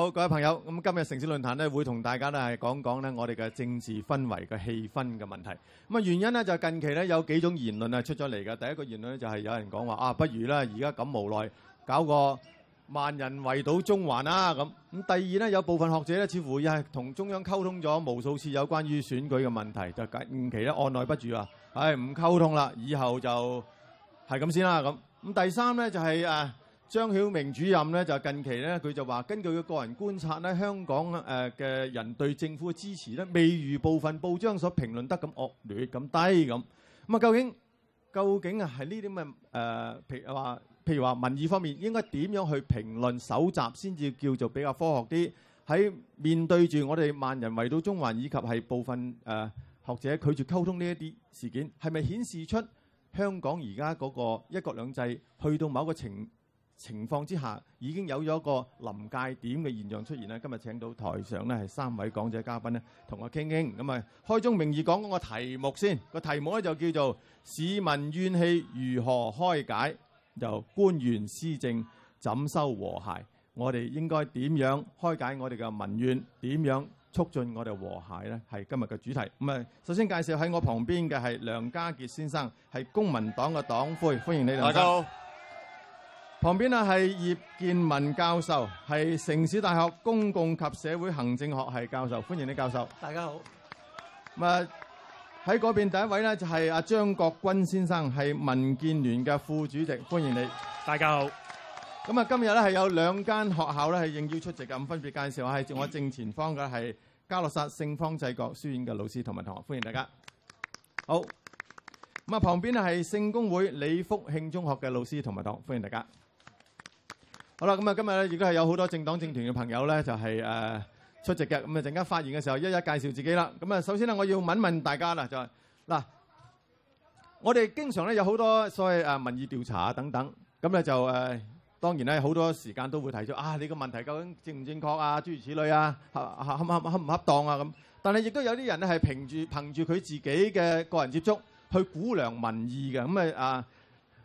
好，各位朋友，咁今日城市論壇咧，會同大家咧係講講咧我哋嘅政治氛圍嘅氣氛嘅問題。咁啊原因咧就係近期咧有幾種言論啊出咗嚟㗎。第一個言論咧就係有人講話啊，不如咧而家咁無奈，搞個萬人圍堵中環啦咁。咁第二咧有部分學者咧似乎又係同中央溝通咗無數次有關於選舉嘅問題，就近期咧按捺不住啊，唉唔溝通啦，以後就係咁先啦咁。咁第三咧就係誒。張曉明主任咧就近期咧，佢就話根據佢個人觀察咧，香港誒嘅人對政府嘅支持咧，未如部分報章所評論得咁惡劣、咁低咁。咁啊，究竟究竟啊，係呢啲咁嘅誒，譬如話，譬如話民意方面應該點樣去評論蒐集，先至叫做比較科學啲？喺面對住我哋萬人圍到中環，以及係部分誒學者拒絕溝通呢一啲事件，係咪顯示出香港而家嗰個一國兩制去到某一個程情況之下已經有咗一個臨界點嘅現象出現啦！今日請到台上呢係三位講者嘉賓呢，同我傾傾。咁啊，開宗明義講嗰個題目先。個題目呢就叫做《市民怨氣如何開解》、由官員施政怎收和諧。我哋應該點樣開解我哋嘅民怨？點樣促進我哋和諧呢？係今日嘅主題。咁啊，首先介紹喺我旁邊嘅係梁家傑先生，係公民黨嘅黨魁，歡迎你，梁生。大家好。旁邊呢係葉健民教授，係城市大學公共及社會行政學系教授，歡迎你，教授。大家好。啊喺嗰邊第一位呢，就係阿張國鈞先生，係民建聯嘅副主席，歡迎你。大家好。咁啊今日呢，係有兩間學校呢係應邀出席嘅，咁分別介紹係我正前方嘅係嘉諾撒聖方濟各書院嘅老師同埋同學，歡迎大家。好。咁啊旁邊呢係聖公會李福慶中學嘅老師同埋同學，歡迎大家。好啦，咁啊，今日咧，亦都係有好多政黨政團嘅朋友咧，就係誒出席嘅。咁啊，陣間發言嘅時候，一一介紹自己啦。咁啊，首先咧，我要問問大家啦，就係嗱，我哋經常咧有好多所謂誒民意調查啊等等，咁咧就誒，當然咧好多時間都會提出啊，你個問題究竟正唔正確啊？諸如此類啊，恰恰恰恰唔恰當啊？咁，但係亦都有啲人咧係憑住憑住佢自己嘅個人接觸去估量民意嘅。咁啊，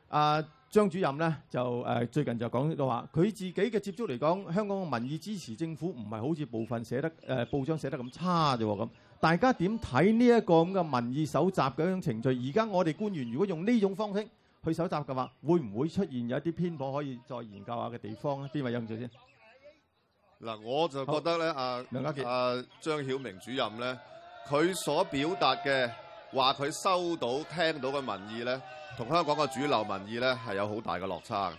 啊。張主任咧就誒、呃、最近就講到話，佢自己嘅接觸嚟講，香港嘅民意支持政府唔係好似部分寫得誒、呃、報章寫得咁差啫喎咁。大家點睇呢一個咁嘅民意搜集嘅一種程序？而家我哋官員如果用呢種方式去搜集嘅話，會唔會出現有一啲偏頗可以再研究下嘅地方咧？邊位有唔著先？嗱，我就覺得咧，阿梁家傑，阿張曉明主任咧，佢所表達嘅。話佢收到聽到嘅民意呢，同香港嘅主流民意呢，係有好大嘅落差的。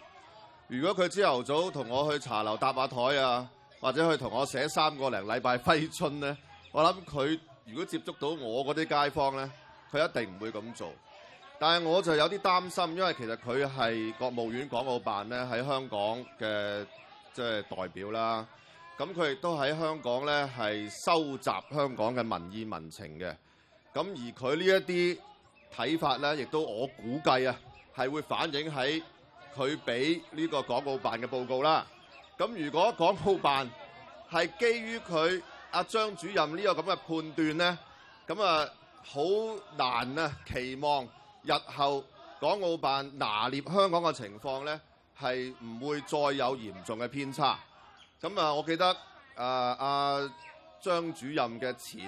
如果佢朝頭早同我去茶樓搭下枱啊，或者去同我寫三個零禮拜揮春呢，我諗佢如果接觸到我嗰啲街坊呢，佢一定唔會咁做。但係我就有啲擔心，因為其實佢係國務院港澳辦呢，喺香港嘅即係代表啦。咁佢亦都喺香港呢，係收集香港嘅民意民情嘅。咁而佢呢一啲睇法咧，亦都我估計啊，係會反映喺佢俾呢個港澳辦嘅報告啦。咁如果港澳辦係基於佢阿張主任個呢個咁嘅判斷咧，咁啊好難啊期望日後港澳辦拿捏香港嘅情況咧，係唔會再有嚴重嘅偏差。咁啊，我記得啊。呃呃張主任嘅前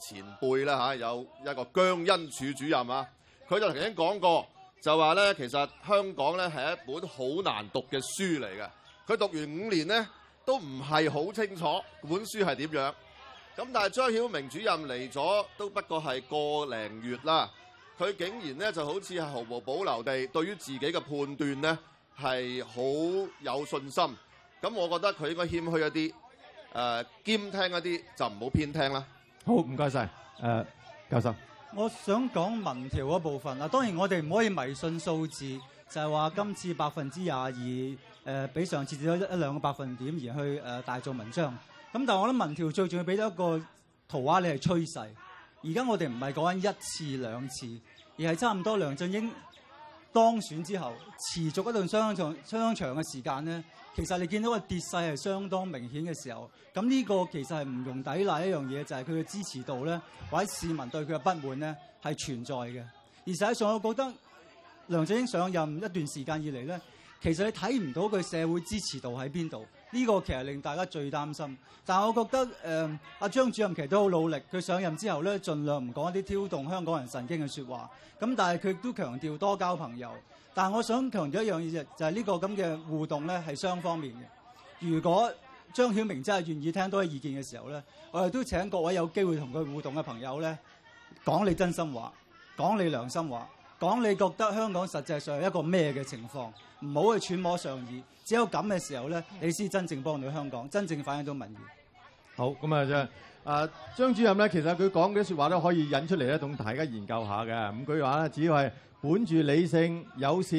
前輩咧吓，有一個姜恩柱主任啊，佢就曾經講過，就話咧其實香港咧係一本好難讀嘅書嚟嘅，佢讀完五年咧都唔係好清楚本書係點樣。咁但係張曉明主任嚟咗都不過係個零月啦，佢竟然咧就好似係毫無保留地對於自己嘅判斷咧係好有信心。咁我覺得佢應該謙虛一啲。誒、uh, 兼聽一啲就唔好偏聽啦。好，唔該晒，誒、呃、教授，我想講民調嗰部分。嗱，當然我哋唔可以迷信數字，就係、是、話今次百分之廿二，誒比上次少咗一兩個百分點而去誒大做文章。咁但係我諗民調最重要俾咗一個圖畫，你係趨勢。而家我哋唔係講緊一次兩次，而係差唔多梁振英當選之後，持續一段相長、相長嘅時間呢，其實你見到個跌勢係相當明顯嘅時候，咁呢個其實係唔容抵賴一樣嘢，就係佢嘅支持度呢，或者市民對佢嘅不滿呢，係存在嘅。而實際上，我覺得梁振英上任一段時間以嚟呢，其實你睇唔到佢社會支持度喺邊度。呢個其實令大家最擔心，但係我覺得誒阿、呃、張主任其實都好努力，佢上任之後咧，盡量唔講一啲挑動香港人神經嘅説話，咁但係佢都強調多交朋友，但係我想強調一樣嘢啫，就係呢個咁嘅互動咧係雙方面嘅。如果張曉明真係願意聽多啲意見嘅時候咧，我哋都請各位有機會同佢互動嘅朋友咧講你真心話，講你良心話。講你覺得香港實際上有一個咩嘅情況？唔好去揣摩上意，只有咁嘅時候咧，你先真正幫到香港，真正反映到民意。好，咁啊、就是，張、呃、啊張主任咧，其實佢講啲説話都可以引出嚟咧，同大家研究下嘅。咁佢話咧，只要係本住理性、友善、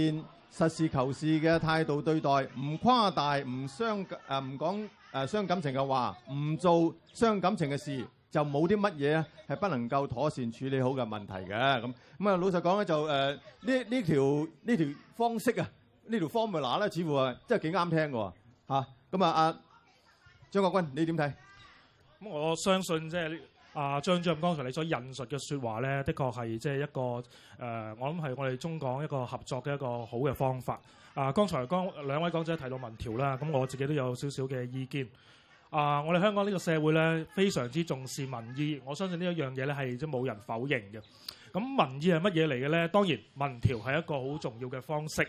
實事求是嘅態度對待，唔誇大，唔傷誒唔講誒傷、呃、感情嘅話，唔做傷感情嘅事。就冇啲乜嘢啊，係不能夠妥善處理好嘅問題嘅，咁咁啊。老實講咧，就誒呢呢條呢條方式啊，呢條 formula 咧，似乎係真係幾啱聽嘅嚇。咁啊啊，張、啊啊啊、國軍，你點睇？咁我相信即係呢啊張張，剛才你所引述嘅説話咧，的確係即係一個誒、呃，我諗係我哋中港一個合作嘅一個好嘅方法啊。剛才剛兩位講者提到民調啦，咁我自己都有少少嘅意見。啊！Uh, 我哋香港呢個社會呢，非常之重視民意。我相信呢一樣嘢呢，係即冇人否認嘅。咁民意係乜嘢嚟嘅呢？當然民調係一個好重要嘅方式，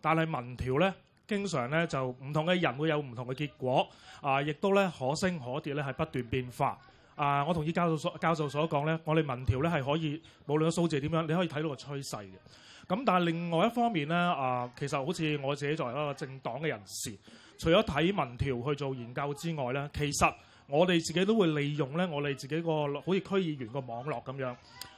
但係民調呢，經常呢，就唔同嘅人會有唔同嘅結果。啊！亦都呢，可升可跌呢，係不斷變化。啊！我同意教授所教授所講呢，我哋民調呢，係可以無論數字係點樣，你可以睇到個趨勢嘅。咁但係另外一方面呢，啊，其實好似我自己作為一個政黨嘅人士，除咗睇民調去做研究之外呢，其實我哋自己都會利用呢，我哋自己個好似區議員個網絡咁樣，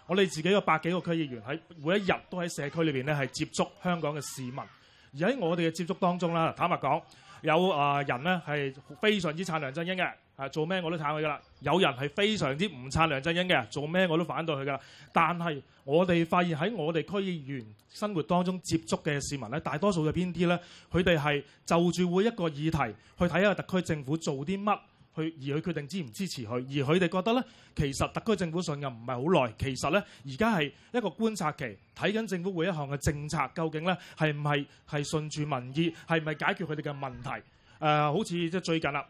我哋自己個百幾個區議員喺每一日都喺社區裏面呢，係接觸香港嘅市民，而喺我哋嘅接觸當中啦，坦白講。有啊、呃、人呢係非常之撐梁振英嘅，係、啊、做咩我都撐佢噶啦。有人係非常之唔撐梁振英嘅，做咩我都反對佢噶。但係我哋發現喺我哋區議員生活當中接觸嘅市民呢，大多數係邊啲呢？佢哋係就住會一個議題去睇下特區政府做啲乜。去而佢決定支唔支持佢，而佢哋覺得呢，其實特區政府上任唔係好耐，其實呢，而家係一個觀察期，睇緊政府每一項嘅政策究竟呢係唔係係順住民意，係唔係解決佢哋嘅問題？誒、呃，好似即係最近啦，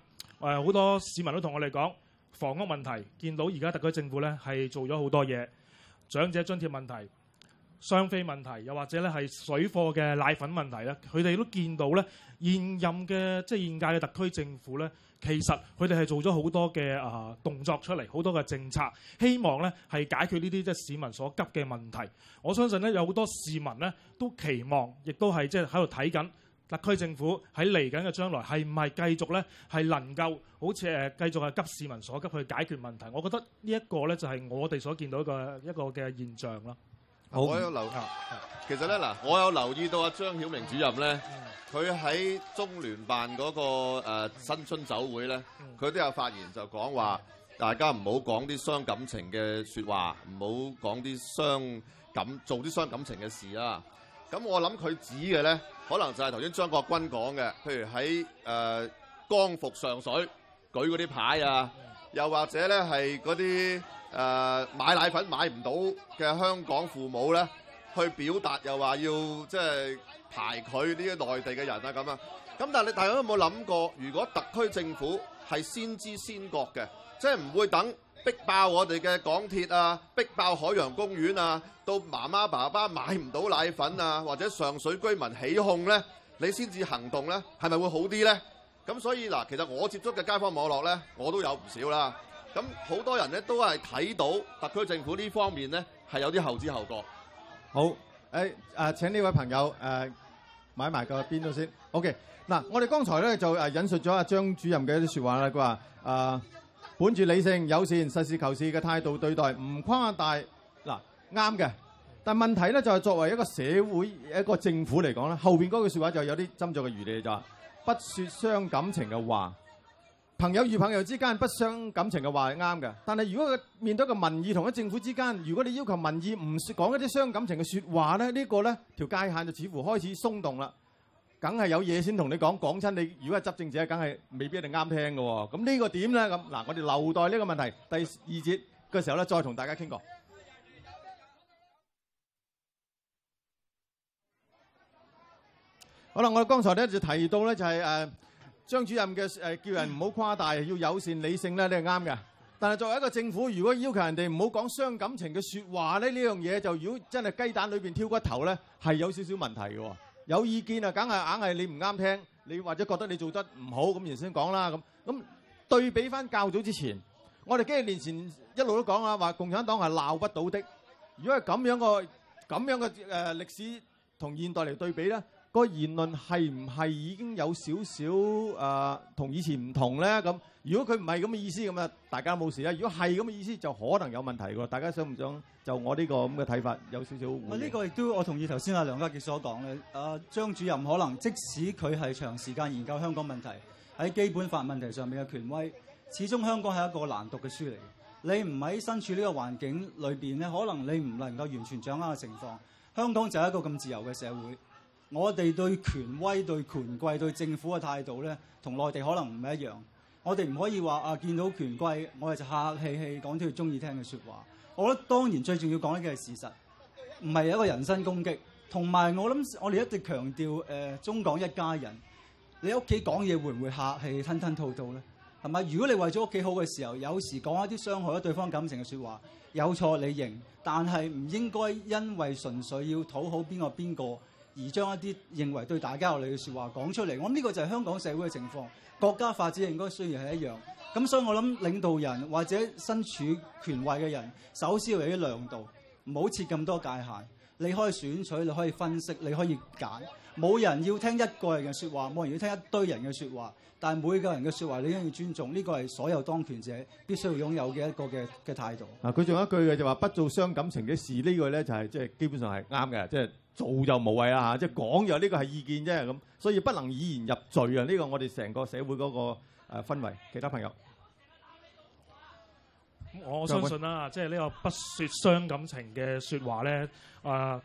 誒、呃、好多市民都同我哋講房屋問題，見到而家特區政府呢係做咗好多嘢，長者津貼問題。雙非問題，又或者咧係水貨嘅奶粉問題咧，佢哋都見到咧，現任嘅即係現屆嘅特區政府咧，其實佢哋係做咗好多嘅啊動作出嚟，好多嘅政策，希望咧係解決呢啲即係市民所急嘅問題。我相信咧有好多市民咧都期望，亦都係即係喺度睇緊特區政府喺嚟緊嘅將來係唔係繼續咧係能夠好似誒繼續係急市民所急去解決問題。我覺得呢一個咧就係我哋所見到嘅一個嘅現象啦。好我有留意，啊啊、其實咧嗱，我有留意到啊張曉明主任咧，佢喺中聯辦嗰、嗰個、呃、新春酒會咧，佢都有發言就講話，大家唔好講啲傷感情嘅説話，唔好講啲傷感做啲傷感情嘅事啊。咁我諗佢指嘅咧，可能就係頭先張國軍講嘅，譬如喺誒、呃、光復上水舉嗰啲牌啊，又或者咧係嗰啲。誒、uh, 買奶粉買唔到嘅香港父母呢，去表達又話要即係、就是、排佢呢啲內地嘅人啊咁啊！咁但係你大家有冇諗過，如果特區政府係先知先覺嘅，即係唔會等逼爆我哋嘅港鐵啊、逼爆海洋公園啊，到媽媽爸爸買唔到奶粉啊，或者上水居民起哄呢，你先至行動呢，係咪會好啲呢？咁所以嗱，其實我接觸嘅街坊網絡呢，我都有唔少啦。咁好多人咧都係睇到特區政府呢方面咧係有啲後知後覺。好，誒、哎、啊、呃、請呢位朋友誒、呃、買埋個邊度先。OK，嗱我哋剛才咧就誒引述咗阿張主任嘅一啲説話啦。佢話誒，本住理性、友善、實事求是嘅態度對待，唔誇大。嗱喏，啱嘅。但係問題咧就係、是、作為一個社會一個政府嚟講咧，後邊嗰句説話就有啲斟酌嘅餘地，就話不説傷感情嘅話。朋友與朋友之間不傷感情嘅話係啱嘅，但係如果佢面對一個民意同埋政府之間，如果你要求民意唔説講一啲傷感情嘅説話咧，呢個咧條界限就似乎開始鬆動啦，梗係有嘢先同你講，講親你如果係執政者，梗係未必一定啱聽嘅喎。咁呢個點咧？咁嗱，我哋留待呢個問題第二節嘅時候咧，再同大家傾過。好啦，我哋剛才咧就提到咧就係誒。張主任嘅誒叫人唔好誇大，要友善理性咧，你係啱嘅。但係作為一個政府，如果要求人哋唔好講傷感情嘅説話咧，呢樣嘢就如果真係雞蛋裏邊挑骨頭咧，係有少少問題嘅。有意見啊，梗係硬係你唔啱聽，你或者覺得你做得唔好，咁原先講啦咁。咁對比翻較早之前，我哋幾年前一路都講啊，話共產黨係鬧不到的。如果係咁樣個咁樣嘅誒歷史同現代嚟對比咧？個言論係唔係已經有少少誒同、呃、以前唔同咧？咁如果佢唔係咁嘅意思，咁啊大家冇事啦。如果係咁嘅意思，就可能有問題喎。大家想唔想就我呢個咁嘅睇法有少少？我呢、啊呢個亦都我同意頭先阿梁家傑所講咧。啊張主任可能即使佢係長時間研究香港問題喺基本法問題上面嘅權威，始終香港係一個難讀嘅書嚟。你唔喺身處呢個環境裏邊咧，可能你唔能夠完全掌握嘅情況。香港就係一個咁自由嘅社會。我哋對權威、對權貴、對政府嘅態度呢，同內地可能唔一樣。我哋唔可以話啊，見到權貴，我哋就客氣氣講啲佢中意聽嘅説話。我覺得當然最重要講嘅係事實，唔係一個人身攻擊。同埋我諗，我哋一直強調誒中港一家人。你屋企講嘢會唔會客氣吞吞吐吐呢？係咪？如果你為咗屋企好嘅時候，有時講一啲傷害咗對方感情嘅説話，有錯你認，但係唔應該因為純粹要討好邊個邊個，而將一啲認為對大家有利嘅說話講出嚟，我諗呢個就係香港社會嘅情況。國家發展應該雖然係一樣，咁所以我諗領導人或者身處權位嘅人，首先要有啲量度，唔好設咁多界限。你可以選取，你可以分析，你可以揀。冇人要聽一個人嘅説話，冇人要聽一堆人嘅説話，但係每個人嘅説話你都要尊重，呢個係所有當權者必須要擁有嘅一個嘅嘅態度。嗱、啊，佢仲有一句嘅就話、是、不做傷感情嘅事，呢、這個咧就係即係基本上係啱嘅，即、就、係、是、做就無謂啦即係講又呢個係意見啫咁，所以不能以言入罪啊！呢、這個我哋成個社會嗰、那個、啊、氛圍，其他朋友，我，我相信啦、啊，即係呢個不説傷感情嘅説話咧啊。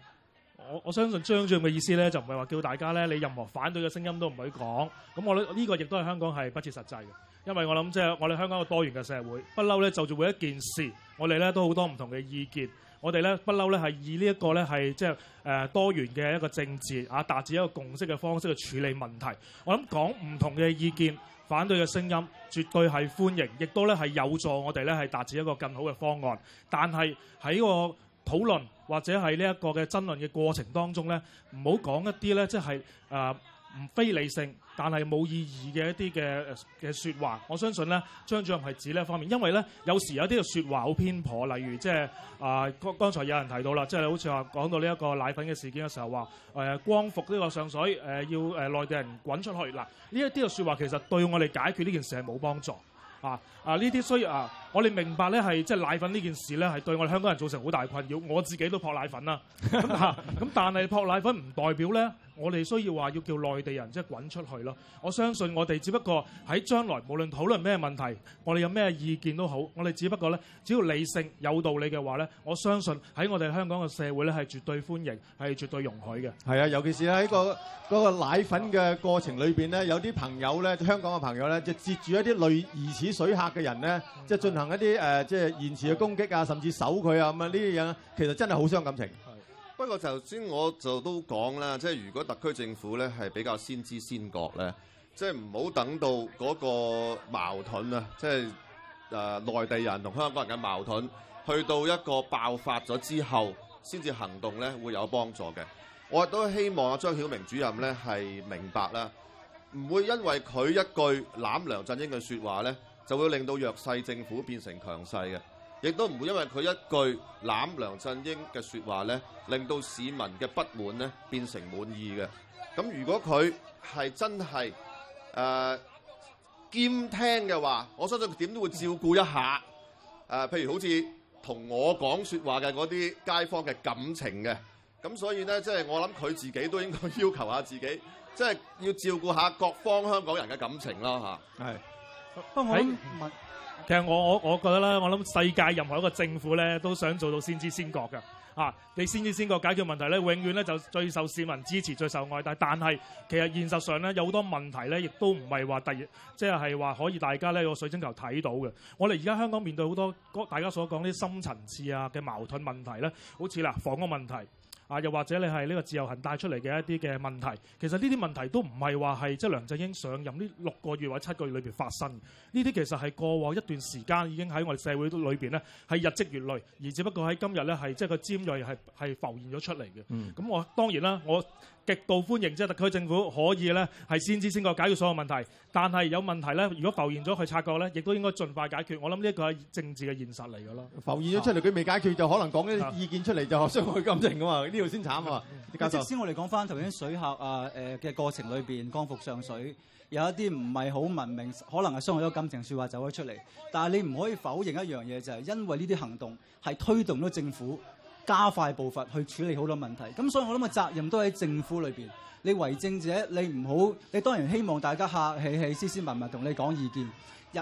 我我相信張主任嘅意思呢，就唔係話叫大家呢，你任何反對嘅聲音都唔會講。咁我諗呢、呢個亦都係香港係不切實際嘅，因為我諗即係我哋香港係多元嘅社會，不嬲呢，就做每一件事，我哋呢都好多唔同嘅意見，我哋呢、這個，不嬲呢係以呢一個呢係即係誒多元嘅一個政治啊達至一個共識嘅方式去處理問題。我諗講唔同嘅意見、反對嘅聲音，絕對係歡迎，亦都呢係有助我哋呢係達至一個更好嘅方案。但係喺個討論或者係呢一個嘅爭論嘅過程當中咧，唔好講一啲咧，即係誒唔非理性但係冇意義嘅一啲嘅嘅説話。我相信咧，張主任係指呢一方面，因為咧有時有啲嘅説話好偏頗，例如即係啊剛剛才有人提到啦，即係好似話講到呢一個奶粉嘅事件嘅時候，話誒光復呢個上水，誒要誒內地人滾出去嗱，呢一啲嘅説話其實對我哋解決呢件事係冇幫助啊，啊呢啲需要啊。啊我哋明白咧，係即係奶粉呢件事咧，係對我哋香港人造成好大困擾，我自己都撲奶粉啦，咁 但係撲奶粉唔代表咧，我哋需要話要叫內地人即係、就是、滾出去咯。我相信我哋只不過喺將來無論討論咩問題，我哋有咩意見都好，我哋只不過咧，只要理性有道理嘅話咧，我相信喺我哋香港嘅社會咧係絕對歡迎，係絕對容許嘅。係啊，尤其是喺、個、嗰個奶粉嘅過程裏邊咧，有啲朋友咧，香港嘅朋友咧，就接住一啲類疑似水客嘅人咧，即係進。行一啲誒，即係言辭嘅攻擊啊，甚至手佢啊，咁啊，呢啲嘢其實真係好傷感情。不過頭先我就都講啦，即係如果特區政府咧係比較先知先覺咧，即係唔好等到嗰個矛盾啊，即係誒內地人同香港人嘅矛盾去到一個爆發咗之後，先至行動咧會有幫助嘅。我亦都希望阿張曉明主任咧係明白啦，唔會因為佢一句攬梁振英嘅説話咧，就會令到弱勢政府變成強勢嘅，亦都唔會因為佢一句攬梁振英嘅説話咧，令到市民嘅不滿咧變成滿意嘅。咁如果佢係真係誒、呃、兼聽嘅話，我相信佢點都會照顧一下誒，呃、譬如好似同我講説話嘅嗰啲街坊嘅感情嘅。咁所以咧，即、就、係、是、我諗佢自己都應該要求下自己，即、就、係、是、要照顧下各方香港人嘅感情咯嚇。係。不過，我其實我我我覺得咧，我諗世界任何一個政府咧，都想做到先知先覺㗎、啊。你先知先覺解決問題咧，永遠咧就最受市民支持、最受愛戴。但係其實現實上咧，有好多問題咧，亦都唔係話突然即係話可以大家咧個水晶球睇到嘅。我哋而家香港面對好多大家所講啲深層次啊嘅矛盾問題咧，好似嗱房屋問題。啊，又或者你係呢個自由行帶出嚟嘅一啲嘅問題，其實呢啲問題都唔係話係即係梁振英上任呢六個月或者七個月裏邊發生，呢啲其實係過往一段時間已經喺我哋社會都裏邊呢係日積月累，而只不過喺今日呢係即係個尖鋭係係浮現咗出嚟嘅。咁、嗯、我當然啦，我。極度歡迎，即係特區政府可以咧係先知先覺解決所有問題。但係有問題咧，如果浮現咗去察覺咧，亦都應該盡快解決。我諗呢一個係政治嘅現實嚟嘅咯。浮現咗出嚟，佢未解決就可能講啲意見出嚟，就傷害感情㗎嘛。呢度先慘啊！啲教授，即先我哋講翻頭先水客啊，誒嘅過程裏邊，光復上水有一啲唔係好文明，可能係傷害咗感情説話走咗出嚟。但係你唔可以否認一樣嘢，就係因為呢啲行動係推動咗政府，加快步伐去處理好多問題，咁所以我諗嘅責任都喺政府裏邊，你為政者，你唔好，你當然希望大家客氣氣斯斯文文同你講意見，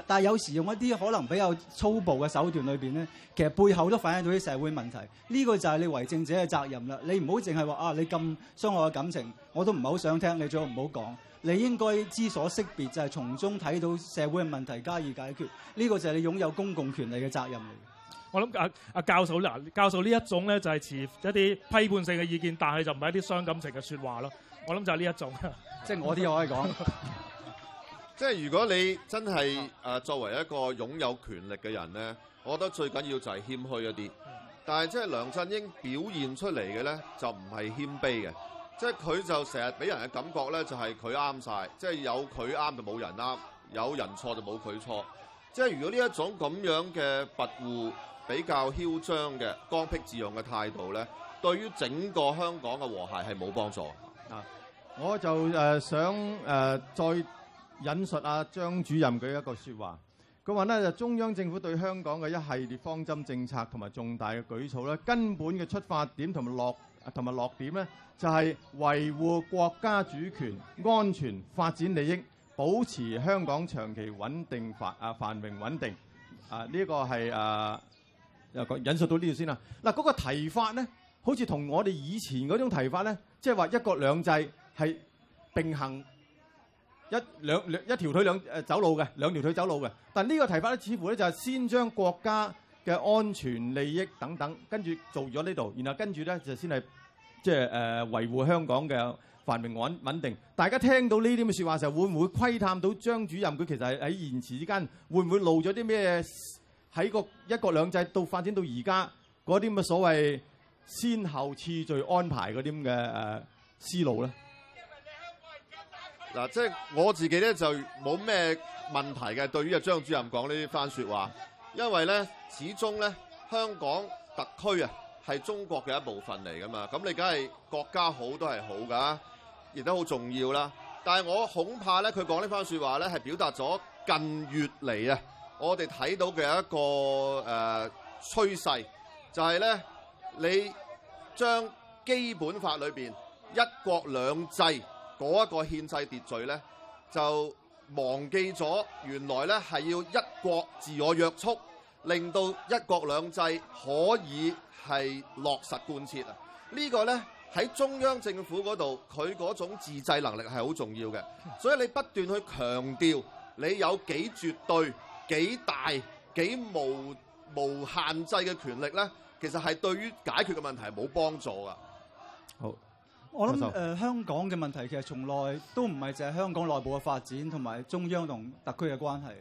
但係有時用一啲可能比較粗暴嘅手段裏邊咧，其實背後都反映到啲社會問題，呢個就係你為政者嘅責任啦。你唔好淨係話啊，你咁傷害嘅感情，我都唔係好想聽，你，最好唔好講，你應該知所識別就係從中睇到社會嘅問題加以解決，呢個就係你擁有公共權利嘅責任嚟。我諗阿阿教授啦，教授呢一種咧就係、是、持一啲批判性嘅意見，但係就唔係一啲傷感情嘅説話咯。我諗就係呢一種。即係我啲可以講。 即係如果你真係誒、啊、作為一個擁有權力嘅人咧，我覺得最緊要就係謙虛一啲。但係即係梁振英表現出嚟嘅咧，就唔係謙卑嘅。即係佢就成日俾人嘅感覺咧，就係佢啱晒，即係有佢啱就冇人啱，有人錯就冇佢錯。即係如果呢一種咁樣嘅跋扈，比較囂張嘅剛愎自用嘅態度咧，對於整個香港嘅和諧係冇幫助。嗱、啊，我就誒、呃、想誒、呃、再引述阿、啊、張主任嘅一個説話，佢話呢，就中央政府對香港嘅一系列方針政策同埋重大嘅舉措咧，根本嘅出發點同埋落同埋落點咧，就係、是、維護國家主權、安全、發展利益，保持香港長期穩定繁啊繁榮穩定。啊，呢、這個係誒。啊又引述到呢度先啦。嗱，嗰個提法咧，好似同我哋以前嗰種提法咧，即係話一國兩制係並行一兩一條腿兩誒走路嘅，兩條腿走路嘅。但係呢個提法咧，似乎咧就係先將國家嘅安全利益等等跟住做咗呢度，然後跟住咧就先係即係誒維護香港嘅繁榮穩穩定。大家聽到呢啲咁嘅説話時候，會唔會窺探到張主任佢其實係喺言辭之間會唔會露咗啲咩？喺個一國兩制到發展到而家嗰啲咁嘅所謂先後次序安排嗰啲咁嘅誒思路咧，嗱，即係我自己咧就冇咩問題嘅。對於阿張主任講呢番説話，因為咧始終咧香港特區啊係中國嘅一部分嚟㗎嘛，咁你梗係國家好都係好㗎，亦都好重要啦。但係我恐怕咧佢講呢番説話咧係表達咗近月嚟啊。我哋睇到嘅一個誒、呃、趨勢就係、是、咧，你將基本法裏邊一國兩制嗰一個憲制秩序咧，就忘記咗原來咧係要一國自我約束，令到一國兩制可以係落實貫徹啊！這個、呢個咧喺中央政府嗰度，佢嗰種自制能力係好重要嘅，所以你不斷去強調你有幾絕對。幾大幾無無限制嘅權力呢，其實係對於解決嘅問題冇幫助㗎。好，我諗誒好、呃、香港嘅問題其實從來都唔係淨係香港內部嘅發展同埋中央同特區嘅關係。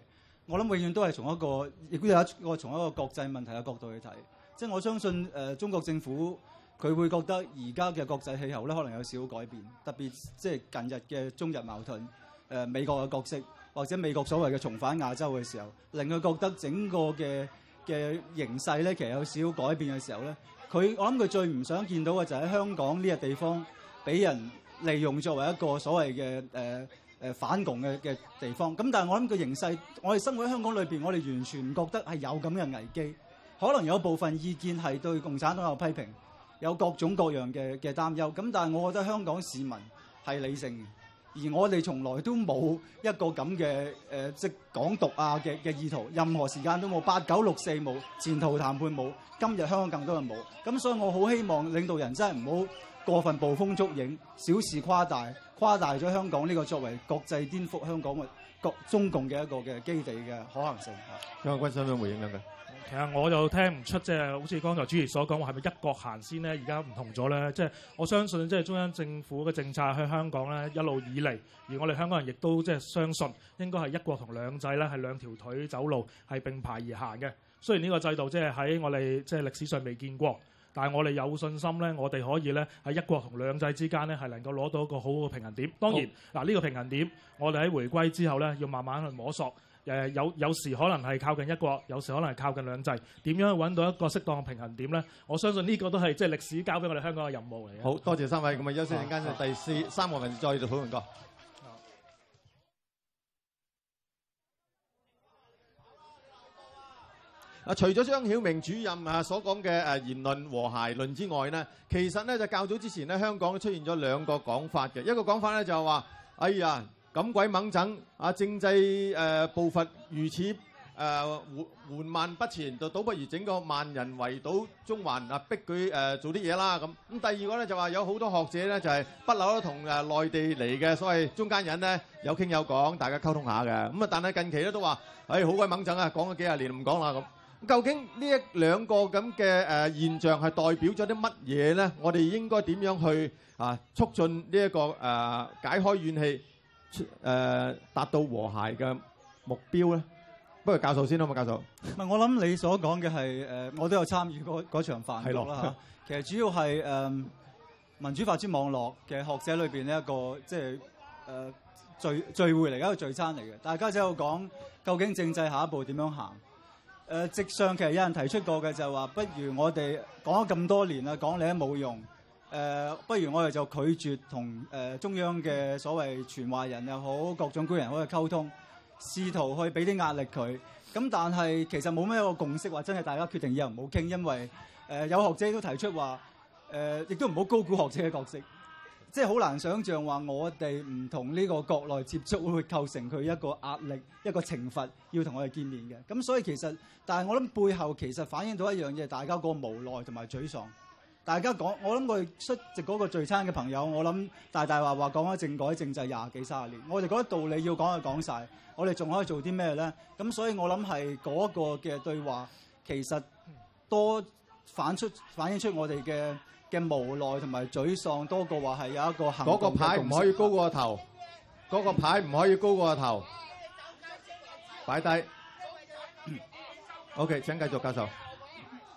我諗永遠都係從一個亦都有一個從一個國際問題嘅角度去睇。即係我相信誒、呃、中國政府佢會覺得而家嘅國際氣候呢，可能有少少改變，特別即係近日嘅中日矛盾誒、呃、美國嘅角色。或者美國所謂嘅重返亞洲嘅時候，令佢覺得整個嘅嘅形勢咧，其實有少少改變嘅時候咧，佢我諗佢最唔想見到嘅就係喺香港呢個地方俾人利用作為一個所謂嘅、呃、反共嘅嘅地方。咁但係我諗個形勢，我哋生活喺香港裏面，我哋完全唔覺得係有咁嘅危機。可能有部分意見係對共產黨有批評，有各種各樣嘅嘅擔憂。咁但係我覺得香港市民係理性嘅。而我哋從來都冇一個咁嘅誒，即港獨啊嘅嘅意圖，任何時間都冇，八九六四冇，前途談判冇，今日香港更多人冇。咁所以我好希望領導人真係唔好過分捕風捉影，小事誇大，誇大咗香港呢個作為國際顛覆香港嘅國中共嘅一個嘅基地嘅可行性。張家輝先生回應緊佢。其實我又聽唔出，即係好似剛才主席所講，我係咪一國行先呢？而家唔同咗呢？即係我相信，即係中央政府嘅政策喺香港呢一路以嚟，而我哋香港人亦都即係相信應該係一國同兩制呢，係兩條腿走路，係並排而行嘅。雖然呢個制度即係喺我哋即係歷史上未見過，但係我哋有信心呢，我哋可以呢喺一國同兩制之間呢係能夠攞到一個好好嘅平衡點。當然，嗱呢好、啊呢個平衡點，我哋喺回歸之後呢要慢慢去摸索。誒，有，有時可能係靠近一國，有時可能係靠近兩制，點樣去揾到一個適當嘅平衡點咧？我相信呢個都係即係歷史交俾我哋香港嘅任務嚟嘅。好多謝三位，咁啊、嗯、休息陣間，嗯嗯、第四、嗯、三個名再嚟討論過。啊、嗯，除咗張曉明主任啊所講嘅誒言論和諧論之外咧，其實咧就較早之前咧香港出現咗兩個講法嘅，一個講法咧就係話，哎呀～咁鬼掹憎啊！政制誒步伐如此誒緩緩慢不前，就倒不如整個萬人圍堵中環啊，逼佢誒做啲嘢啦咁。咁第二個咧就話有好多學者咧就係不嬲都同誒內地嚟嘅所謂中間人咧有傾有講，大家溝通下嘅咁啊。但係近期咧都話誒好鬼掹憎啊，講咗幾十年唔講啦咁。究竟呢一兩個咁嘅誒現象係代表咗啲乜嘢咧？我哋應該點樣去啊促進呢一個誒解開怨氣？誒達到和諧嘅目標咧，不如教授先好，嘛，教授。唔係，我諗你所講嘅係誒，我都有參與嗰嗰場飯局啦，其實主要係誒、嗯、民主法之網絡嘅學者裏邊呢一個即係誒聚聚會嚟，一個聚餐嚟嘅。大家只係講究竟政制下一步點樣行？誒、呃，直上其實有人提出過嘅就係話，不如我哋講咗咁多年啦，講你都冇用。誒、呃，不如我哋就拒絕同誒、呃、中央嘅所謂傳話人又好各種官人又好嘅溝通，試圖去俾啲壓力佢。咁但係其實冇咩個共識，話真係大家決定以後唔好傾，因為誒、呃、有學者都提出話，誒、呃、亦都唔好高估學者嘅角色，即係好難想像話我哋唔同呢個國內接觸會構成佢一個壓力、一個懲罰，要同我哋見面嘅。咁所以其實，但係我諗背後其實反映到一樣嘢，大家個無奈同埋沮喪。大家講，我諗我哋出席嗰個聚餐嘅朋友，我諗大大話話講咗政改政制廿幾三十年，我哋嗰啲道理要講就講晒，我哋仲可以做啲咩咧？咁所以我諗係嗰個嘅對話，其實多反出反映出我哋嘅嘅無奈同埋沮喪多過話係有一個行動。嗰個牌唔可以高過頭，嗰個牌唔可以高過頭，擺低。OK，請繼續教授。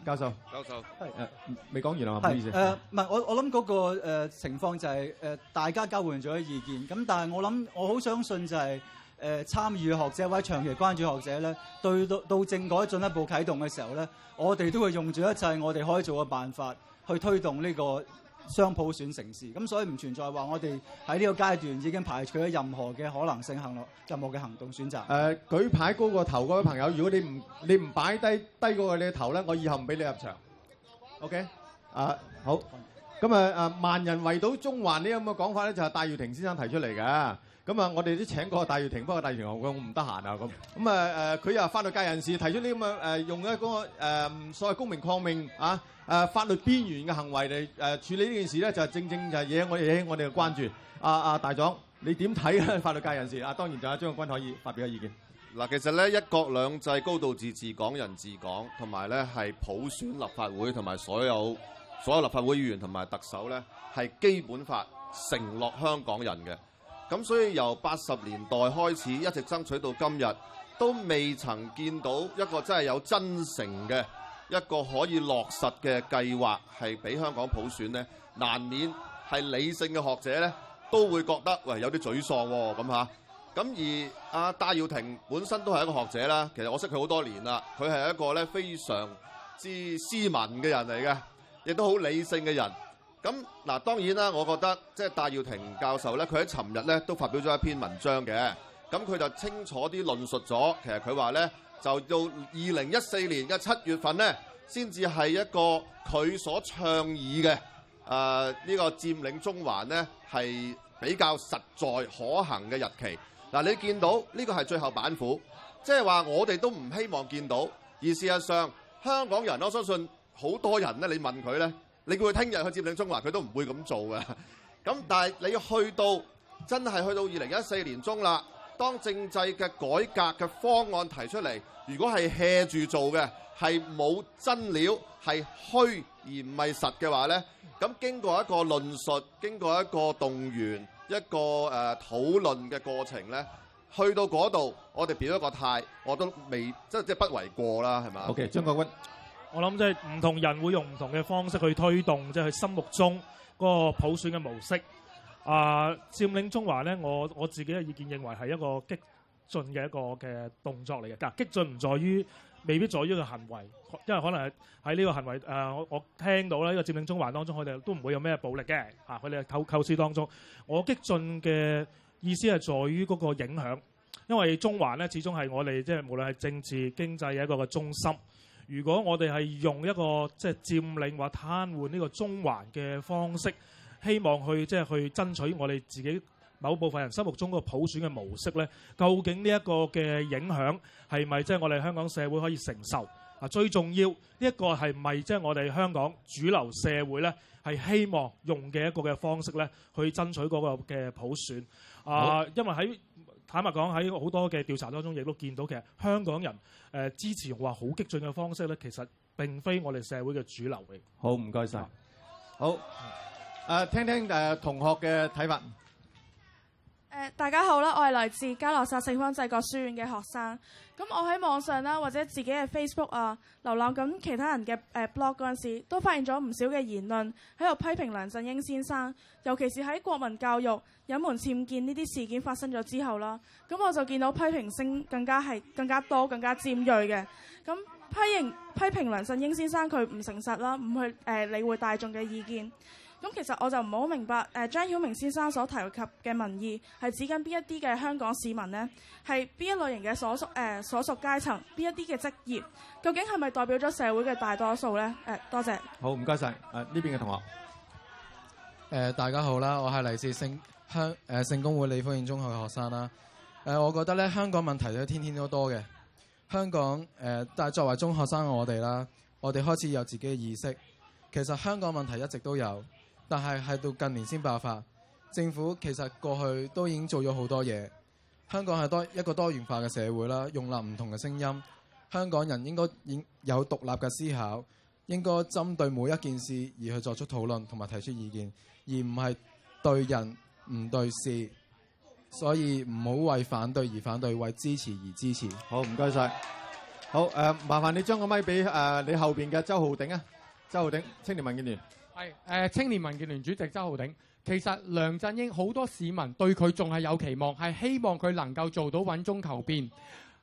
教授，教授，係誒未講完啊，唔好意思。誒唔係，我我諗嗰個誒情況就係誒大家交換咗意見。咁但係我諗，我好相信就係誒參與學者或者長期關注學者咧，對到到政改進一步啟動嘅時候咧，我哋都會用住一切我哋可以做嘅辦法去推動呢個。商鋪選城市，咁所以唔存在話我哋喺呢個階段已經排除咗任何嘅可能性行路，任何嘅行動選擇。誒、呃，舉牌高過頭嗰位朋友，如果你唔你唔擺低低過你嘅頭咧，我以後唔俾你入場。OK？啊，嗯、好。咁、嗯、啊萬人圍堵中環呢咁嘅講法咧，就係戴耀廷先生提出嚟嘅。咁啊，我哋都請過戴耀廷，不過戴耀廷佢我唔得閒啊，咁咁啊誒，佢又法律界人士提出呢啲咁嘅誒，用一、那個誒、啊、所謂公民抗命啊誒、啊、法律邊緣嘅行為嚟誒、啊、處理呢件事咧，就是、正正就係惹我惹我哋關注。啊，阿、啊、大總，你點睇咧法律界人士？啊，當然就阿、啊、張國軍可以發表下意見。嗱，其實咧一國兩制、高度自治、港人治港，同埋咧係普選立法會，同埋所有所有立法會議員同埋特首咧，係基本法承諾香港人嘅。咁所以由八十年代開始一直爭取到今日，都未曾見到一個真係有真誠嘅一個可以落實嘅計劃，係俾香港普選咧，難免係理性嘅學者咧都會覺得喂，有啲沮喪咁吓，咁而阿戴耀廷本身都係一個學者啦，其實我識佢好多年啦，佢係一個咧非常之斯文嘅人嚟嘅，亦都好理性嘅人。咁嗱，當然啦，我覺得即係戴耀廷教授咧，佢喺尋日咧都發表咗一篇文章嘅。咁佢就清楚啲論述咗，其實，佢話咧，就到二零一四年嘅七月份咧，先至係一個佢所倡議嘅誒呢個佔領中環咧，係比較實在可行嘅日期。嗱，你見到呢個係最後板斧，即係話，我哋都唔希望見到，而事實上香港人，我相信好多人咧，你問佢咧。你叫佢聽日去佔領中環，佢都唔會咁做㗎。咁但係你去到真係去到二零一四年中啦，當政制嘅改革嘅方案提出嚟，如果係 hea 住做嘅，係冇真料，係虛而唔係實嘅話呢。咁經過一個論述，經過一個動員，一個誒、呃、討論嘅過程呢，去到嗰度，我哋表一個態，我都未即係即係不為過啦，係咪？OK，張國軍。我諗即係唔同人會用唔同嘅方式去推動，即係佢心目中嗰個普選嘅模式。啊，佔領中環呢，我我自己嘅意見認為係一個激進嘅一個嘅動作嚟嘅。嗱、啊，激進唔在於未必在於個行為，因為可能喺呢個行為誒、啊，我我聽到呢個佔領中環當中，佢哋都唔會有咩暴力嘅嚇，佢哋嘅構思當中。我激進嘅意思係在於嗰個影響，因為中環呢，始終係我哋即係無論係政治經濟嘅一個嘅中心。如果我哋係用一個即係、就是、佔領或癱瘓呢個中環嘅方式，希望去即係、就是、去爭取我哋自己某部分人心目中個普選嘅模式呢？究竟呢一個嘅影響係咪即係我哋香港社會可以承受？啊，最重要呢一、這個係咪即係我哋香港主流社會呢？係希望用嘅一個嘅方式呢，去爭取嗰個嘅普選？啊，好因為喺坦白講，喺好多嘅調查當中，亦都見到其實香港人、呃、支持話好激進嘅方式咧，其實並非我哋社會嘅主流嚟。好，唔該曬。嗯、好，誒、嗯啊，聽聽、啊、同學嘅睇法。呃、大家好啦，我係來自嘉諾撒聖方濟各書院嘅學生。咁我喺網上啦，或者自己嘅 Facebook 啊瀏覽緊其他人嘅誒 blog 嗰陣時，都發現咗唔少嘅言論喺度批評梁振英先生，尤其是喺國民教育隱瞞僭建呢啲事件發生咗之後啦。咁我就見到批評聲更加係更加多、更加尖鋭嘅。咁批評、批評梁振英先生佢唔誠實啦，唔去誒、呃、理會大眾嘅意見。咁其實我就唔好明白，誒、呃、張曉明先生所提及嘅民意係指緊邊一啲嘅香港市民呢？係邊一類型嘅所屬誒、呃、所屬階層？邊一啲嘅職業？究竟係咪代表咗社會嘅大多數呢？誒、呃，多謝。好，唔該晒，誒呢邊嘅同學，誒、呃，大家好啦，我係嚟自聖香誒聖公會李福慶中學嘅學生啦。誒、呃，我覺得咧香港問題咧天天都多嘅香港誒、呃，但係作為中學生嘅我哋啦，我哋開始有自己嘅意識。其實香港問題一直都有。但係喺到近年先爆發，政府其實過去都已經做咗好多嘢。香港係多一個多元化嘅社會啦，用立唔同嘅聲音。香港人應該有獨立嘅思考，應該針對每一件事而去作出討論同埋提出意見，而唔係對人唔對事。所以唔好為反對而反對，為支持而支持。好，唔該晒。好，誒，麻煩你將個咪俾誒你後邊嘅周浩鼎啊，周浩鼎，青年民建聯。青年民建聯主席周浩鼎，其實梁振英好多市民對佢仲係有期望，係希望佢能夠做到穩中求變。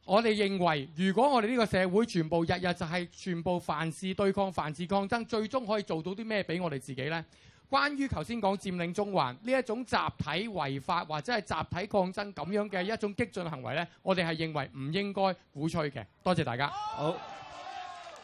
我哋認為，如果我哋呢個社會全部日日就係全部凡事對抗、凡事抗爭，最終可以做到啲咩俾我哋自己呢？關於頭先講佔領中環呢一種集體違法或者係集體抗爭咁樣嘅一種激進行為呢，我哋係認為唔應該鼓吹嘅。多謝大家。好。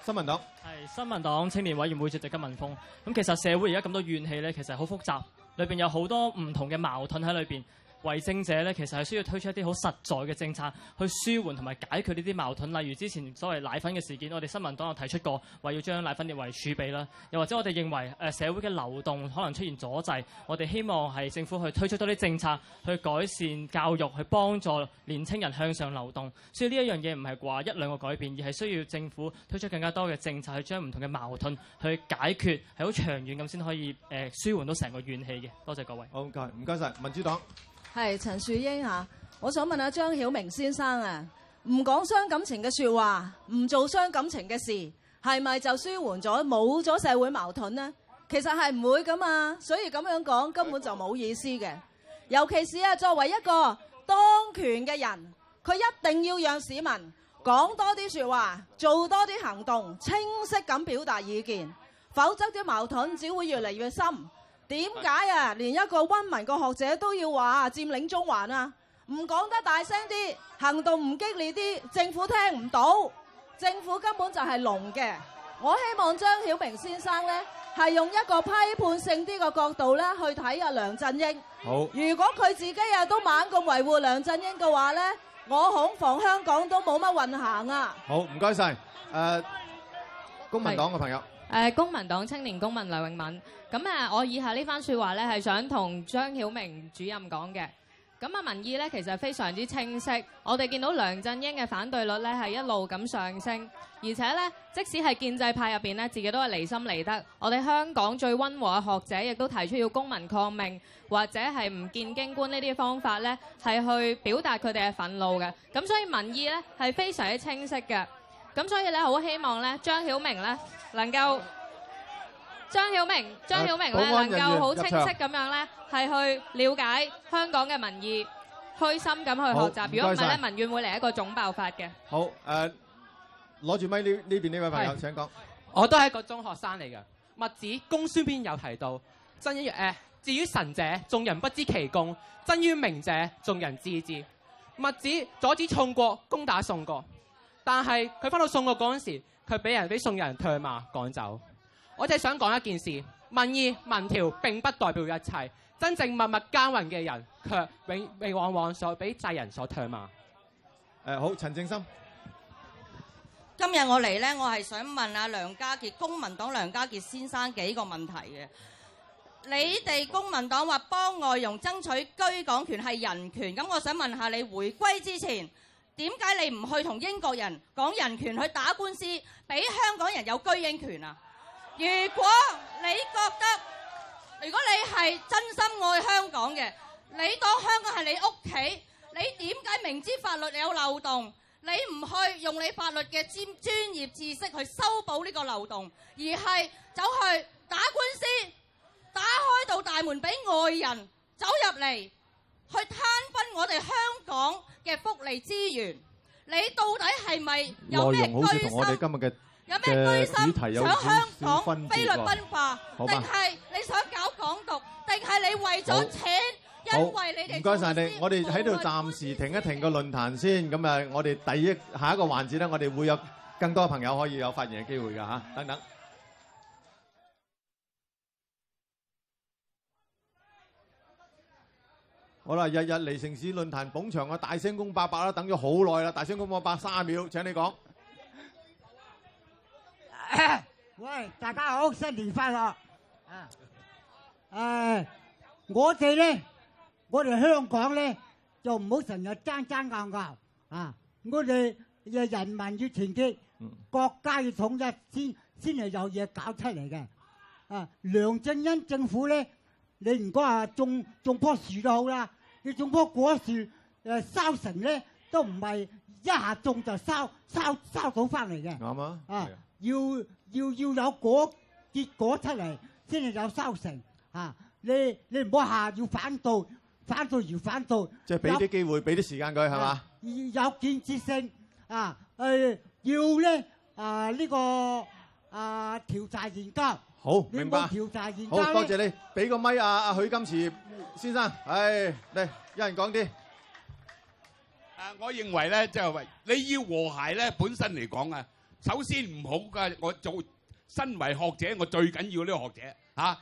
新聞黨係新聞黨青年委員會主席金文峰。咁其實社會而家咁多怨氣呢，其實好複雜，裏面有好多唔同嘅矛盾喺裏面。為政者咧，其實係需要推出一啲好實在嘅政策去舒緩同埋解決呢啲矛盾。例如之前所謂奶粉嘅事件，我哋新聞黨有提出過話要將奶粉列為儲備啦。又或者我哋認為社會嘅流動可能出現阻滯，我哋希望係政府去推出多啲政策去改善教育，去幫助年青人向上流動。所以呢一樣嘢唔係話一兩個改變，而係需要政府推出更加多嘅政策去將唔同嘅矛盾去解決，係好長遠咁先可以舒緩到成個怨氣嘅。多謝各位。okay，謝謝。好，唔該，唔該曬，民主黨。係陳樹英吓，我想問下張曉明先生啊，唔講傷感情嘅說話，唔做傷感情嘅事，係咪就舒緩咗冇咗社會矛盾呢？其實係唔會噶嘛，所以咁樣講根本就冇意思嘅。尤其是啊，作為一個當權嘅人，佢一定要讓市民講多啲說話，做多啲行動，清晰咁表達意見，否則啲矛盾只會越嚟越深。點解啊？連一個温文嘅學者都要話佔領中環啊？唔講得大聲啲，行動唔激烈啲，政府聽唔到，政府根本就係聾嘅。我希望張曉明先生呢係用一個批判性啲嘅角度咧去睇啊梁振英。好，如果佢自己啊都猛咁維護梁振英嘅話呢，我恐防香港都冇乜運行啊。好，唔該晒，誒公民黨嘅朋友。誒公民黨青年公民梁泳敏，咁誒我以下呢番説話咧係想同張曉明主任講嘅。咁啊民意咧其實非常之清晰，我哋見到梁振英嘅反對率咧係一路咁上升，而且咧即使係建制派入邊咧，自己都係離心離德。我哋香港最温和嘅學者亦都提出要公民抗命或者係唔見京官呢啲方法咧，係去表達佢哋嘅憤怒嘅。咁所以民意咧係非常之清晰嘅。咁所以咧，好希望咧，張曉明咧能夠，張曉明張曉明咧能夠好清晰咁樣咧，係去了解香港嘅民意，虛心咁去學習。如果唔係咧，民怨會嚟一個總爆發嘅。好，誒，攞住咪呢呢邊呢位朋友請講。我都係一個中學生嚟嘅。墨子《公輸篇》有提到：真於誒，至於神者，眾人不知其功；真於明者，眾人知之。墨子阻止楚國攻打宋國。但係佢翻到宋國嗰陣時，佢俾人俾宋人唾罵趕走。我淨係想講一件事：民意民調並不代表一切，真正默默耕耘嘅人，卻永並往往所俾世人所唾罵。誒、呃、好，陳正深，今日我嚟呢，我係想問下梁家傑，公民黨梁家傑先生幾個問題嘅。你哋公民黨話幫外佣爭取居港權係人權，咁我想問下你，回歸之前。點解你唔去同英國人講人權去打官司，俾香港人有居英權啊？如果你覺得，如果你係真心愛香港嘅，你當香港係你屋企，你點解明知法律有漏洞，你唔去用你法律嘅專專業知識去修補呢個漏洞，而係走去打官司，打開到大門俾外人走入嚟？去攤分我哋香港嘅福利資源，你到底係咪有咩居心？我哋今日嘅有咩居心？想香港菲律賓化，定係你想搞港獨？定係你為咗錢？因為你哋，好，唔該曬你。我哋喺度暫時停一停個論壇先。咁啊，我哋第一，下一個環節咧，我哋會有更多朋友可以有發言嘅機會㗎嚇。等等。好啦，日日嚟城市論壇捧場啊！大聲公伯伯啦，等咗好耐啦！大聲公伯伯三秒，請你講。喂，大家好，新年快樂。誒，我哋咧，我哋香港咧，就唔好成日爭爭拗拗啊！我哋嘅人民要團結，國家要統一，先先係有嘢搞出嚟嘅。啊，梁振英政府咧。你唔講話種種棵樹都好啦，你種棵果樹誒收成咧都唔係一下種就收收收到翻嚟嘅。啱啊！啊，要要要有果結果出嚟先至有收成。嚇，你你唔好下要反對，反對要反對。即係俾啲機會，俾啲時間佢係嘛？有建設性啊，係要咧啊呢個。啊！調查研究，好明白。調查研究咧，好多謝你俾個咪啊！啊許金池先生，唉嚟一人講啲。啊，我認為咧就係話你要和諧咧，本身嚟講啊，首先唔好嘅。我做身為學者，我最緊要呢個學者嚇，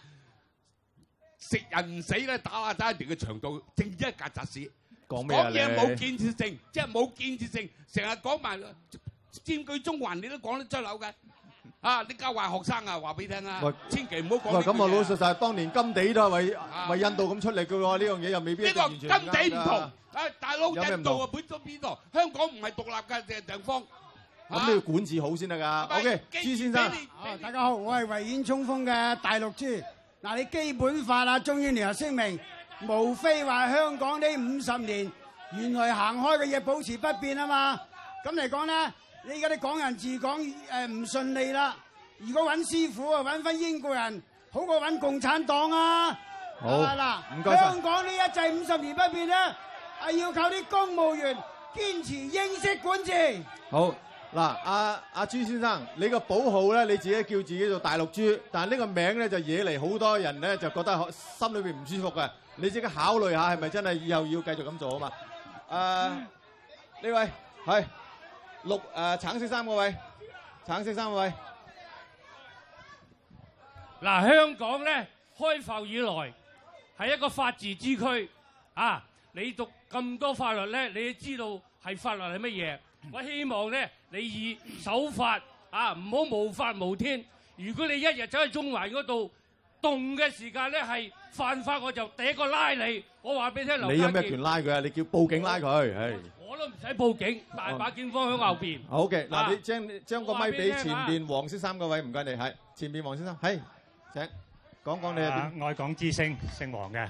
食人唔死咧，打打打完嘅長度，正一曱甴屎。講咩咧？講嘢冇建設性，即係冇建設性，成日講埋佔據中環，你都講得出口嘅。啊！你教壞學生啊，話俾你聽啦，千祈唔好講啲咁啊！咁我老實實，當年甘地都係為為印度咁出嚟嘅喎，呢樣嘢又未必完全啱。呢個甘地唔同啊！大佬印度啊，本質邊度？香港唔係獨立嘅地地方，咁你要管治好先得噶。OK，朱先生，大家好，我係維園衝鋒嘅大陸朱。嗱，你基本法啊，中英聯合聲明，無非話香港呢五十年原來行開嘅嘢保持不變啊嘛。咁嚟講咧。呢家啲港人治港誒唔順利啦，如果揾師傅啊揾翻英國人，好過揾共產黨啊！好啊，嗱，唔該香港呢一制五十年不變咧，係要靠啲公務員堅持英式管治。好嗱，阿阿、啊啊啊、朱先生，你個寶號咧，你自己叫自己做大陸朱，但係呢個名咧就惹嚟好多人咧就覺得心裏邊唔舒服嘅。你自己考慮下係咪真係以後要繼續咁做啊嘛？誒、嗯，呢位係。綠誒、呃，橙色衫嗰位，橙色衫嗰位，嗱，香港咧開埠以來係一個法治之區啊！你讀咁多法律咧，你要知道係法律係乜嘢。我希望咧，你以守法啊，唔好無法無天。如果你一日走去中環嗰度，動嘅時間咧係犯法，我就第一個拉你。我話俾你聽，劉家傑，你有咩權拉佢啊？你叫報警拉佢，唉！我都唔使報警，大把警方喺後邊。好嘅，嗱，你將將個咪俾前邊黃先生嗰位，唔該你，係前邊黃先生，係，請講講你。愛港之聲，姓黃嘅，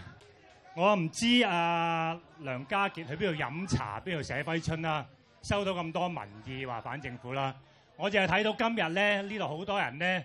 我唔知阿梁家傑喺邊度飲茶，邊度寫揮春啦，收到咁多民意話反政府啦，我淨係睇到今日咧，呢度好多人咧。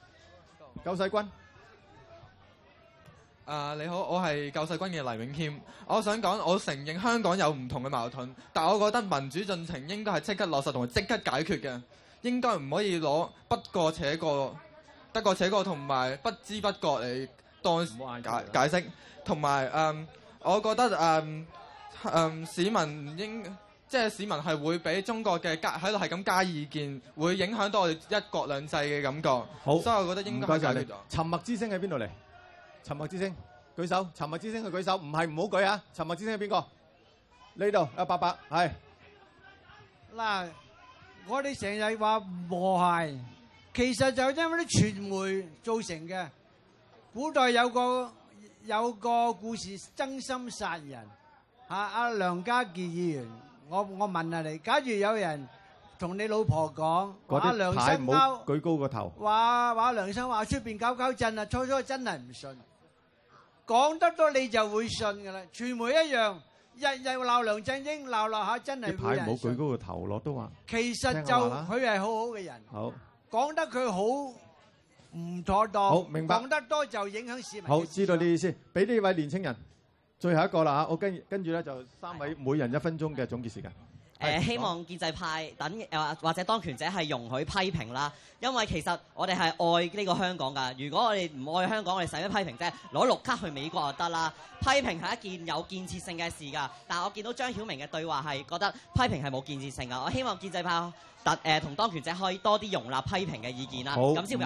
救世軍，啊、uh, 你好，我係救世軍嘅黎永謙。我想講，我承認香港有唔同嘅矛盾，但我覺得民主進程應該係即刻落實同埋即刻解決嘅，應該唔可以攞不過且過、得過且過同埋不知不覺嚟當解釋釋。同埋嗯，um, 我覺得嗯嗯、um, um, 市民應。即係市民係會俾中國嘅加喺度，係咁加意見，會影響到我哋一國兩制嘅感覺。好，所以我覺得應該是解決咗。沉默之聲喺邊度嚟？沉默之聲舉手。沉默之聲去舉手，唔係唔好舉啊！沉默之聲係邊個？呢度阿伯伯係嗱是，我哋成日話和諧，其實就係因為啲傳媒造成嘅。古代有個有個故事，曾參殺人嚇。阿梁家傑議員，我我問下你，假如有人同你老婆講話，梁生。舉高個頭，話話梁生話出邊搞搞震啊，初初真係唔信，講得多你就會信㗎啦。傳媒一樣，日日鬧梁振英，鬧鬧下真係。你派冇舉高個頭咯，都話。其實就佢係好好嘅人，講得佢好唔妥當，講得多就影響市民。好，知道呢意思，俾呢位年青人。最後一個啦，我跟跟住咧就三位每人一分鐘嘅總結時間。誒，希望建制派等誒或者當權者係容許批評啦，因為其實我哋係愛呢個香港㗎。如果我哋唔愛香港，我哋使咩批評啫？攞綠卡去美國就得啦。批評係一件有建設性嘅事㗎，但係我見到張曉明嘅對話係覺得批評係冇建設性㗎。我希望建制派特誒同當權者可以多啲容納批評嘅意見啦。好，唔該曬，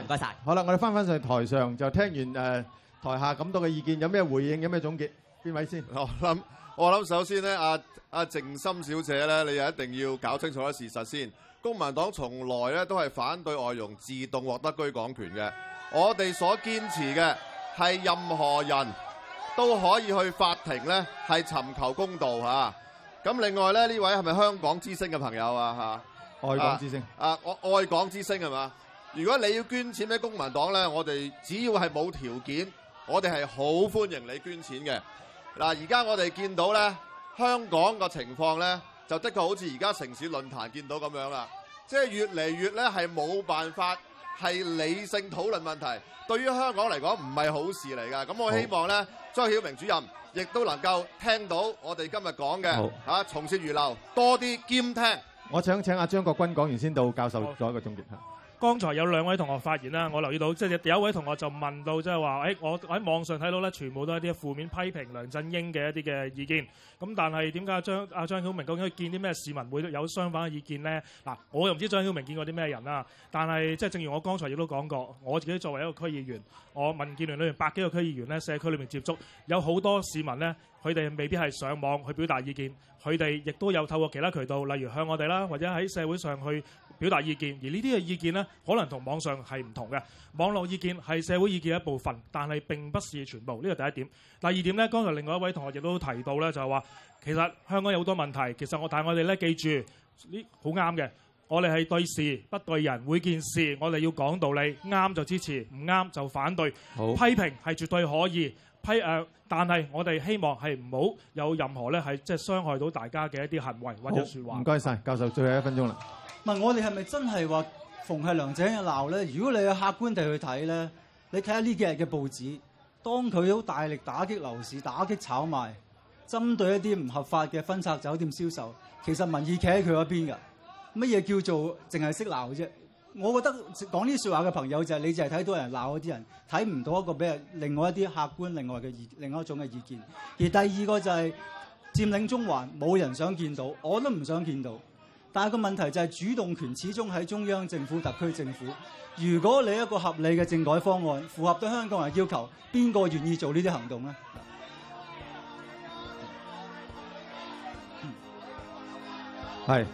唔該曬。謝謝。好啦，我哋翻返上台上就聽完誒、呃、台下咁多嘅意見，有咩回應，有咩總結。邊位先？我諗，我諗首先咧，阿阿靜心小姐咧，你又一定要搞清楚啲事實先。公民黨從來咧都係反對外傭自動獲得居港權嘅。我哋所堅持嘅係任何人都可以去法庭咧，係尋求公道咁、啊、另外咧，呢位係咪香港之星嘅朋友啊？嚇，愛港之星啊。啊，愛港之星係嘛？如果你要捐錢俾公民黨咧，我哋只要係冇條件，我哋係好歡迎你捐錢嘅。嗱，而家我哋見到咧，香港個情況咧，就的確好似而家城市論壇見到咁樣啦，即係越嚟越咧係冇辦法係理性討論問題，對於香港嚟講唔係好事嚟噶。咁我希望咧，張曉好明主任亦都能夠聽到我哋今日講嘅吓，從善好、啊、重如流，多啲兼聽，我想請阿張國軍講完先到教授作一個總結吓。剛才有兩位同學發言啦，我留意到，即係有一位同學就問到，即係話，誒，我喺網上睇到咧，全部都係啲負面批評梁振英嘅一啲嘅意見。咁但係點解張阿張曉明究竟見啲咩市民會有相反嘅意見呢？嗱，我又唔知張曉明見過啲咩人啦。但係即係正如我剛才亦都講過，我自己作為一個區議員，我民建聯裏面百幾個區議員咧，社區裏面接觸，有好多市民咧，佢哋未必係上網去表達意見，佢哋亦都有透過其他渠道，例如向我哋啦，或者喺社會上去，表達意見，而呢啲嘅意見呢，可能同網上係唔同嘅。網絡意見係社會意見一部分，但係並不是全部。呢個第一點。第二點呢，剛才另外一位同學亦都提到呢，就係話其實香港有好多問題。其實我，但係我哋呢，記住呢，好啱嘅。我哋係對事不對人，每件事我哋要講道理，啱就支持，唔啱就反對。好批評係絕對可以批誒。呃但係，我哋希望係唔好有任何咧，係即係傷害到大家嘅一啲行為或者説話。唔該晒。教授，最後一分鐘啦。問我哋係咪真係話逢係良仔一鬧咧？如果你有客觀地去睇咧，你睇下呢幾日嘅報紙，當佢好大力打擊樓市、打擊炒賣，針對一啲唔合法嘅分拆酒店銷售，其實民意企喺佢嗰邊㗎。乜嘢叫做淨係識鬧啫？我覺得講呢啲説話嘅朋友就係你，淨係睇到人鬧嗰啲人，睇唔到一個比較另外一啲客觀另外嘅意另外一種嘅意見。而第二個就係佔領中環，冇人想見到，我都唔想見到。但係個問題就係主動權始終喺中央政府、特區政府。如果你一個合理嘅政改方案符合到香港人要求，邊個願意做呢啲行動呢？係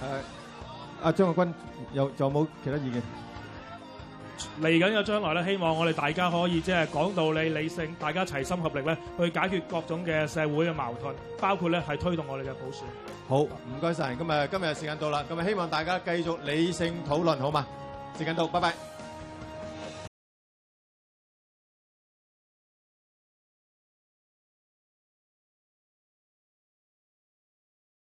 係是。阿張國軍有仲有冇其他意見？嚟緊嘅將來咧，希望我哋大家可以即係講道理、理性，大家齊心合力咧，去解決各種嘅社會嘅矛盾，包括咧係推動我哋嘅普選。好，唔該晒，咁啊今日時間到啦，咁啊希望大家繼續理性討論，好嗎？時間到，拜拜。